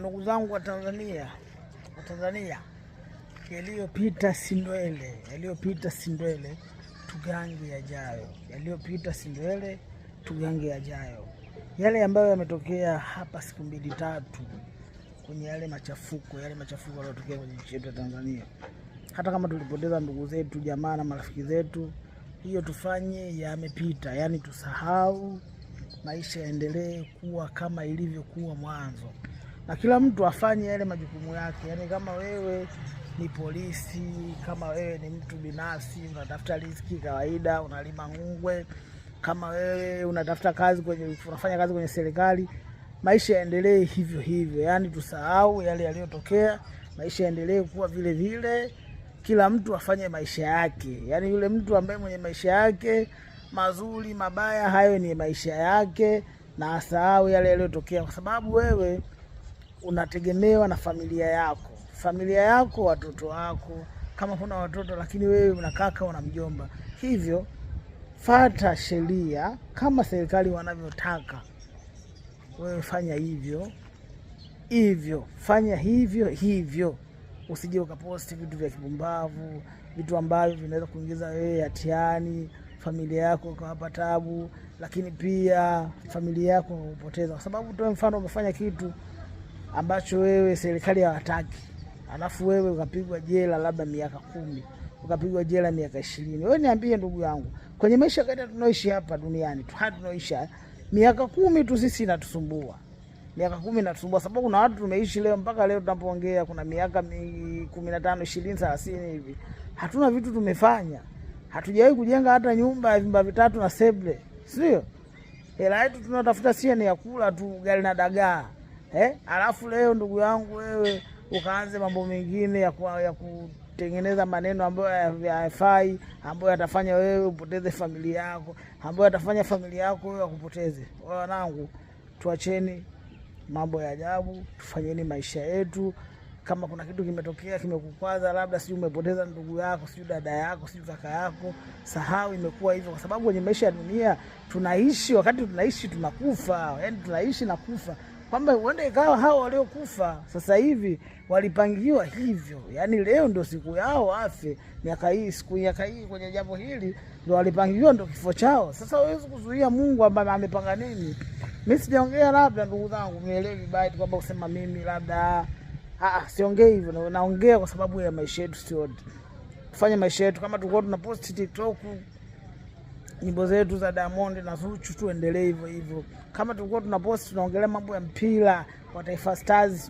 Ndugu zangu wa Tanzania, wa Tanzania, yaliyopita sindwele yaliyopita sindwele tugange yajayo. Yaliyopita sindwele tugange yajayo. Yale ambayo yametokea hapa siku mbili tatu, kwenye yale machafuko, yale machafuko yaliyotokea kwenye nchi yetu ya Tanzania, hata kama tulipoteza ndugu zetu, jamaa na marafiki zetu, hiyo tufanye yamepita, yaani tusahau, maisha yaendelee kuwa kama ilivyokuwa mwanzo na kila mtu afanye yale majukumu yake. Yani kama wewe ni polisi, kama wewe ni mtu binafsi unatafuta riziki kawaida, unalima ngungwe, kama wewe unatafuta kazi kwenye, unafanya kazi kwenye serikali, maisha yaendelee hivyo hivyo. Yani tusahau yale yaliyotokea, maisha yaendelee kuwa vile vile, kila mtu afanye maisha yake. Yani yule mtu ambaye mwenye maisha yake mazuri mabaya, hayo ni maisha yake, na asahau yale yaliyotokea, kwa sababu wewe unategemewa na familia yako, familia yako, watoto wako, kama kuna watoto lakini wewe una kaka, una mjomba, hivyo fata sheria kama serikali wanavyotaka wewe, fanya hivyo hivyo, fanya hivyo hivyo. Usije ukaposti vitu vya kipumbavu, vitu ambavyo vinaweza kuingiza wewe hatiani, familia yako ukawapa tabu, lakini pia familia yako upoteza, kwa sababu toe mfano umefanya kitu ambacho wewe serikali hawataki, alafu wewe ukapigwa jela labda miaka kumi, ukapigwa jela miaka ishirini. Wewe niambie ndugu yangu, kwenye maisha kaida tunaoishi hapa duniani tu hadi tunaoishi miaka kumi tu sisi inatusumbua miaka kumi inatusumbua, sababu kuna watu tumeishi leo mpaka leo tunapoongea, kuna miaka mi, kumi na tano ishirini thelathini hivi, hatuna vitu tumefanya, hatujawahi kujenga hata nyumba ya vyumba vitatu na seble, sio hela yetu tunaotafuta sie ni ya kula tu, gari na dagaa eh? Alafu leo ndugu yangu wewe ukaanze mambo mengine ya, ku, ya kutengeneza maneno ambayo hayafai, ambayo yatafanya wewe upoteze familia yako, ambayo yatafanya familia yako wewe akupoteze. Wanangu, tuacheni mambo ya ajabu, tufanyeni maisha yetu. Kama kuna kitu kimetokea kimekukwaza, labda sijui umepoteza ndugu yako, sijui dada yako, sijui kaka yako, sahau, imekuwa hivyo, kwa sababu kwenye maisha ya dunia tunaishi, wakati tunaishi tunakufa, yani tunaishi na kufa kwamba uende ikawa hao waliokufa sasa hivi walipangiwa hivyo, yaani leo ndo siku yao afe, miaka hii siku miaka hii kwenye jambo hili ndo walipangiwa, ndo kifo chao. Sasa huwezi kuzuia Mungu ambaye amepanga nini. Mi sijaongea labda, ndugu zangu, nielewe vibaya kwamba kusema mimi labda ah, ah, siongei hivyo, naongea kwa sababu ya maisha yetu, sio tufanye maisha yetu kama tulikuwa tunaposti TikTok nyimbo zetu za Diamond na Zuchu tuendelee hivyo hivyo. Kama tulikuwa tunapost tunaongelea mambo ya mpira wa Taifa Stars